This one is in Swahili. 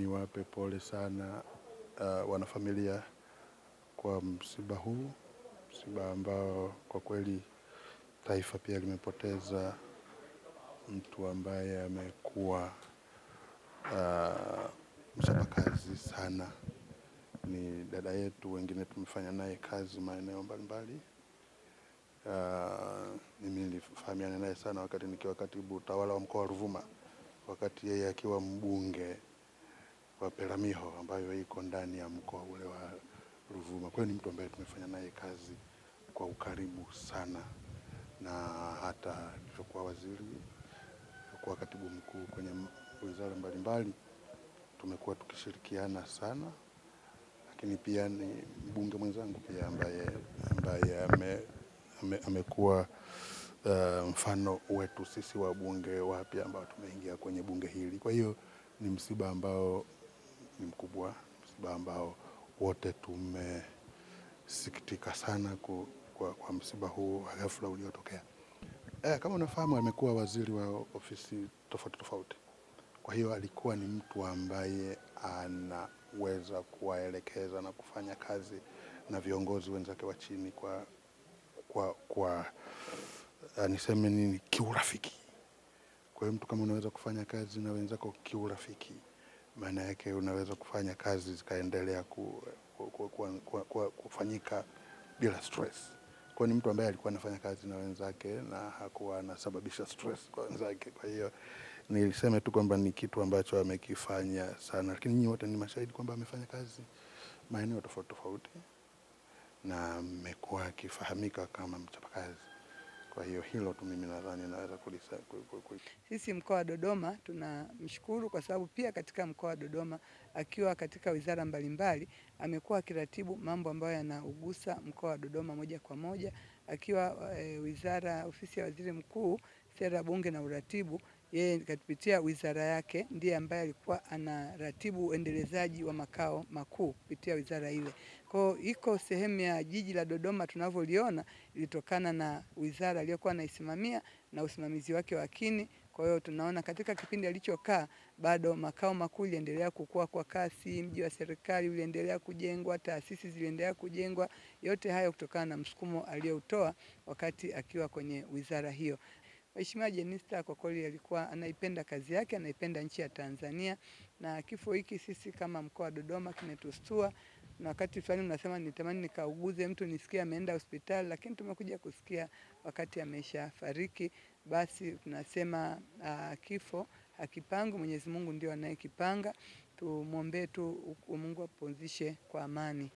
Niwape pole sana uh, wanafamilia kwa msiba huu, msiba ambao kwa kweli taifa pia limepoteza mtu ambaye amekuwa uh, mchapakazi sana. Ni dada yetu, wengine tumefanya naye kazi maeneo mbalimbali. Uh, mimi nilifahamiana naye sana wakati nikiwa katibu utawala wa mkoa wa Ruvuma, wakati yeye akiwa mbunge wa Peramiho ambayo iko ndani ya mkoa ule wa Ruvuma. Kwa hiyo ni mtu ambaye tumefanya naye kazi kwa ukaribu sana, na hata nilipokuwa waziri, kwa katibu mkuu kwenye wizara mbalimbali, tumekuwa tukishirikiana sana, lakini pia ni mbunge mwenzangu pia ambaye ambaye ame, ame, amekuwa uh, mfano wetu sisi wabunge wapya ambao tumeingia kwenye bunge hili. Kwa hiyo ni msiba ambao ni mkubwa, msiba ambao wote tumesikitika sana ku, kwa, kwa msiba huu wa ghafla uliotokea. E, kama unafahamu amekuwa waziri wa ofisi tofauti tofauti, kwa hiyo alikuwa ni mtu ambaye anaweza kuwaelekeza na kufanya kazi na viongozi wenzake wa chini kwa, kwa, kwa eh, niseme nini, kiurafiki. Kwa hiyo mtu kama unaweza kufanya kazi na wenzako kiurafiki maana yake unaweza kufanya kazi zikaendelea ku, ku, ku, ku, ku, ku, kufanyika bila stress. Kwa ni mtu ambaye alikuwa anafanya kazi na wenzake na hakuwa anasababisha stress kwa wenzake. Kwa hiyo niliseme tu kwamba ni kitu ambacho amekifanya sana, lakini nyinyi wote ni mashahidi kwamba amefanya kazi maeneo tofauti tofauti na amekuwa akifahamika kama mchapakazi. Kwa hiyo hilo tu mimi nadhani naweza kulisa. Sisi mkoa wa Dodoma tunamshukuru kwa sababu pia katika mkoa wa Dodoma akiwa katika wizara mbalimbali amekuwa akiratibu mambo ambayo yanaugusa mkoa wa Dodoma moja kwa moja akiwa e, wizara ofisi ya waziri mkuu, sera, bunge na uratibu yeye kupitia wizara yake ndiye ambaye alikuwa anaratibu uendelezaji wa makao makuu kupitia wizara ile. Kwa iko sehemu ya jiji la Dodoma tunavyoliona ilitokana na wizara aliyokuwa anaisimamia na usimamizi wake wa kini. Kwa hiyo tunaona katika kipindi alichokaa bado makao makuu iliendelea kukua kwa kasi, mji wa serikali uliendelea kujengwa, taasisi ziliendelea kujengwa, yote hayo kutokana na msukumo aliyoutoa wakati akiwa kwenye wizara hiyo. Mheshimiwa Jenista kwa kweli alikuwa anaipenda kazi yake, anaipenda nchi ya Tanzania, na kifo hiki sisi kama mkoa wa Dodoma kimetustua, na wakati fulani unasema nitamani nikauguze mtu nisikie ameenda hospitali, lakini tumekuja kusikia wakati amesha fariki. Basi tunasema uh, kifo hakipangwi, Mwenyezi Mungu ndio anayekipanga. Tumwombee tu Mungu apumzishe kwa amani.